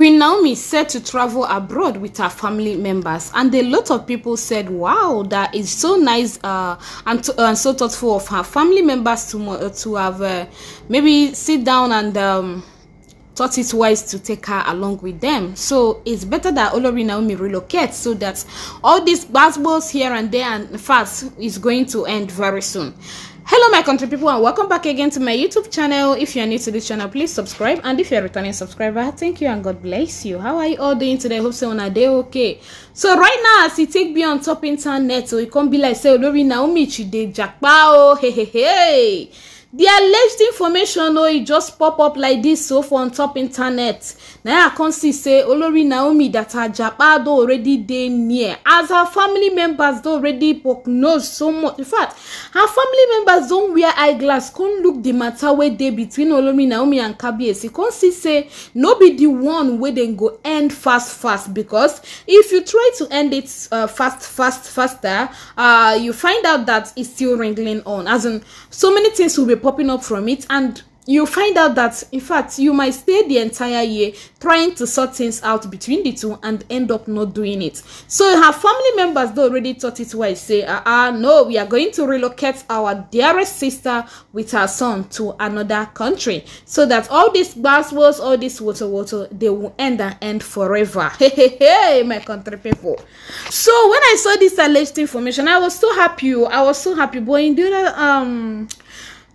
Queen Naomi said to travel abroad with her family members, and a lot of people said, "Wow, that is so nice uh, and, to, uh, and so thoughtful of her family members to uh, to have uh, maybe sit down and." Um, thought it wise to take her along with them. So it's better that Olori Naomi relocates so that all these battles here and there and fast is going to end very soon hello my country people and welcome back again to my youtube channel if you are new to this channel please subscribe and if you're a returning subscriber thank you and god bless you how are you all doing today hope so on a day okay so right now as you take me on top internet so it can't be like say olori naomi chide jakpa oh hey hey hey the alleged information o oh, e just pop up like this so oh, for on top internet Now i come see say olori naomi that her japa already dey near as her family members don already prognose so much in fact her family members don wear eyeglass come look the matter wey dey between olori naomi and kabiyesi come see say no be the one wey dem go end fast fast because if you try to end it uh, fast fast faster uh, you find out that e still wrangling on as in so many things will be popping up from it and you find out that in fact you might stay the entire year trying to sort things out between the two and end up not doing it so her family members they already thought it wise say ah uh, uh, no we are going to relocate our dearest sister with her son to another country so that all these buzzwords all this water water they will end and end forever hey my country people so when i saw this alleged information i was so happy oh, i was so happy boy in the um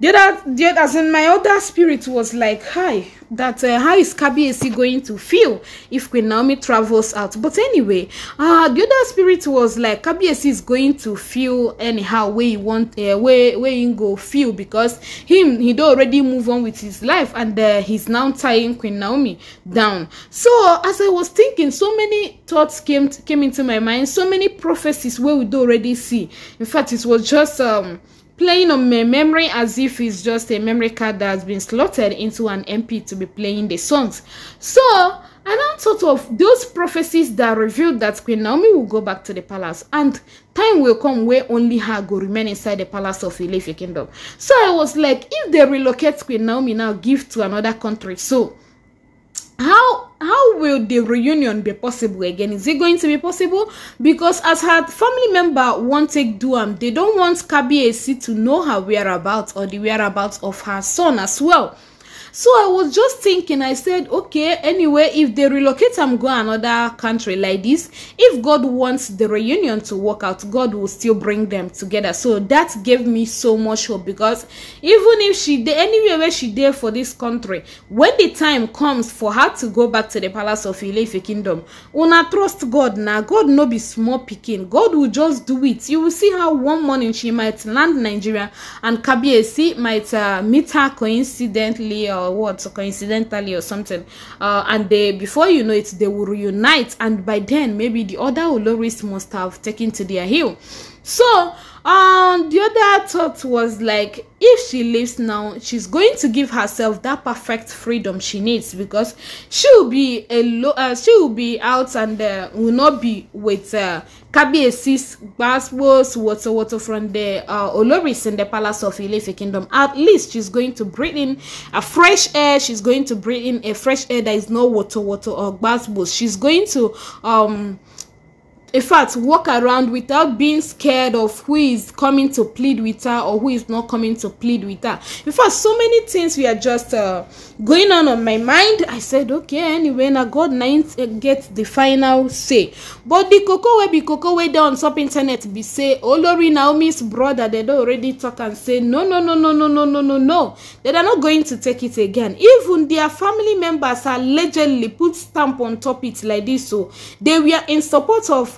the other the other as in my other spirit was like hi that uh, how is Kabiyesi going to feel if Queen Naomi travels out but anyway uh the other spirit was like Kabiyesi is going to feel anyhow where he want uh, where where he go feel because him he don already move on with his life and uh, he's now tying Queen Naomi down so as I was thinking so many thoughts came came into my mind so many prophecies wey we don already see in fact it was just um playing on my memory as if it's just a memory card that has been slotted into an MP to be playing the songs. So, I now thought of those prophecies that revealed that Queen Naomi will go back to the palace and time will come where only her will remain inside the palace of Ilefe kingdom. So I was like, if they relocate Queen Naomi now, give to another country. So, how how will the reunion be possible again is it going to be possible because as her family member wan take do am they don want kabiyesi to know her whereabouts or the whereabouts of her son as well so i was just thinking i said okay anyway if they relocate am go another country like this if god wants the reunion to work out god will still bring them together so that gave me so much hope because even if she dey anywhere where she dey for this country when the time comes for her to go back to the palace of ileife kingdom una trust god na god no be small pikin god will just do it you will see how one morning she might land nigeria and kabiyesi might uh, meet her coincidentally or or what so coincidentally or something uh, and they before you know it they will reunite and by then maybe the other oloris must have taken to their heel So, um, the other thought was like, if she leaves now, she's going to give herself that perfect freedom she needs because she will be alone, uh, will be out and uh, will not be with uh, Kabiesi's gospels, water, water from the uh, Oloris in the palace of Ilefe kingdom. At least she's going to breathe in a fresh air, she's going to breathe in a fresh air that is no water, water or gospels. She's going to, um, in fact walk around without being scared of who is coming to plead with her or who is not coming to plead with her in fact so many things were just uh, going on on my mind i said okay anyway na god na him get the final say but the koko wey be koko wey dey on top internet be say olori naomi's brother dem don already talk am say no no no no no no no no no dem are not going to take it again even their family members allegedly put stamp on top it like this o so they were in support of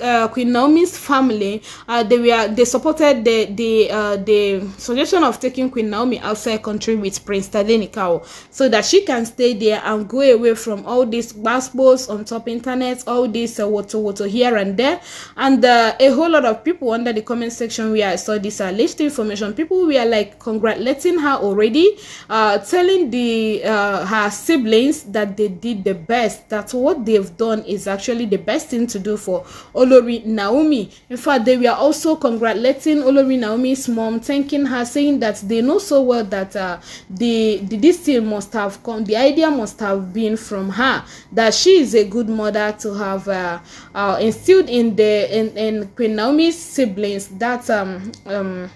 uh, Queen Naomi's family, uh, they were they supported the the uh, the suggestion of taking Queen Naomi outside country with Prince Tadenikawo so that she can stay there and go away from all these gospels on top internet, all this uh, water water here and there, and uh, a whole lot of people under the comment section where I saw this alleged information, people were like congratulating her already, uh, telling the uh, her siblings that they did the best, that what they've done is actually the best thing to do for all Olori Naomi. In fact, they were also congratulating Olori Naomi's mom, thanking her, saying that they know so well that uh, the, the this thing must have come, the idea must have been from her, that she is a good mother to have uh, uh, instilled in the in, in Queen Naomi's siblings that um um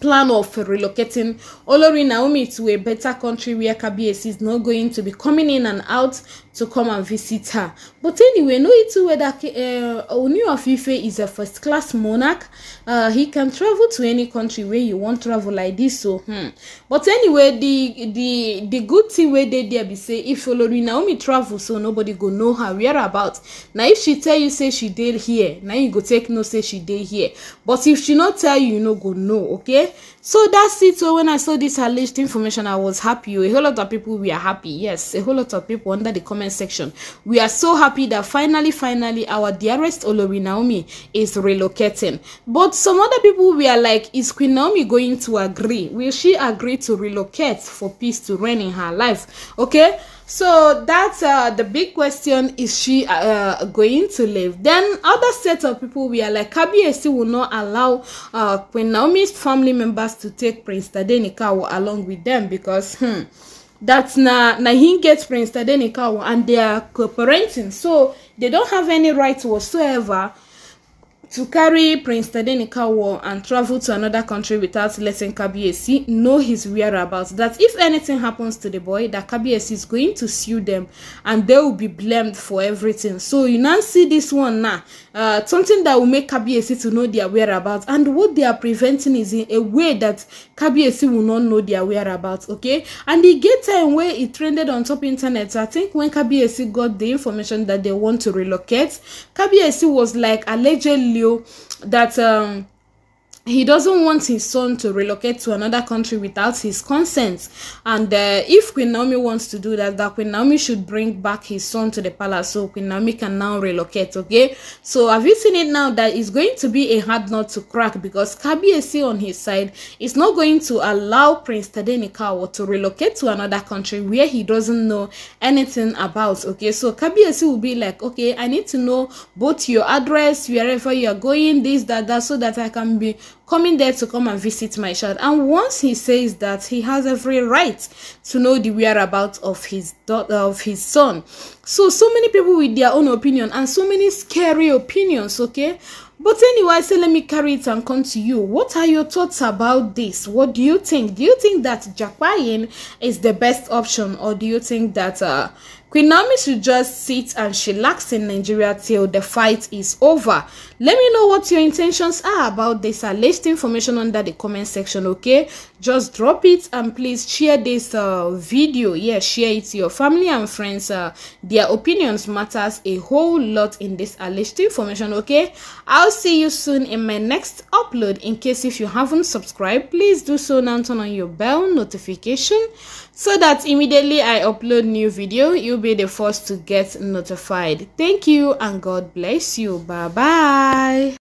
plan of relocating Olori Naomi to a better country where Kabiyesi is not going to be coming in and out to come and visit her. But anyway, no where that uh, Oni of is a first class monarch. Uh, he can travel to any country where you want travel like this. So, hmm. But anyway, the the the good thing where they there be say if Olori Naomi travel, so nobody go know her whereabouts. Now if she tell you say she did here, now you go take no say she did here. But if she not tell you, you no go know. Okay. So that's it. So when I saw this alleged information, I was happy. A whole lot of people were happy. Yes, a whole lot of people under the comment comment section. We are so happy that finally, finally, our dearest Olori Naomi is relocating. But some other people we are like, is Queen Naomi going to agree? Will she agree to relocate for peace to reign in her life? Okay, so that's uh, the big question. Is she uh, going to live? Then other set of people we are like, KBSC will not allow uh, Queen Naomi's family members to take Prince Tadenikawa along with them because, hmm, that na na him get prince tadenikawo and they are co-parenting so they don't have any right whatsoever To carry Prince Tedenika war and travel to another country without letting Kabiesi know his whereabouts, that if anything happens to the boy, that Kabiesi is going to sue them and they will be blamed for everything. So you now see this one now, uh, something that will make Kabiesi to know their whereabouts and what they are preventing is in a way that Kabiesi will not know their whereabouts, okay? And the get time where it trended on top internet, I think when Kabiesi got the information that they want to relocate, Kabiesi was like allegedly video that um he doesn't want his son to relocate to another country without his consent. And uh, if Queen Naomi wants to do that, that Queen Naomi should bring back his son to the palace so Queen Naomi can now relocate, okay? So have you seen it now that it's going to be a hard nut to crack because Kabiesi on his side is not going to allow Prince Tadenikawa to relocate to another country where he doesn't know anything about, okay? So Kabiesi will be like, okay, I need to know both your address, wherever you are going, this, that, that, so that I can be coming there to come and visit my child. And once he says that, he has every right to know the whereabouts of his daughter, of his son. so so many people with their own opinion and so many scary opinions okay but anyway so let me carry it and come to you what are your thoughts about this what do you think do you think that japan is the best option or do you think that uh, Queen Naomi should just sit and lacks in Nigeria till the fight is over. Let me know what your intentions are about this list information under the comment section, okay? Just drop it and please share this uh, video. Yeah, share it to your family and friends. Uh, Their opinions matters a whole lot in this alleged information, okay? I'll see you soon in my next upload. In case if you haven't subscribed, please do so now turn on your bell notification so that immediately I upload new video, you'll be the first to get notified. Thank you and God bless you. Bye-bye.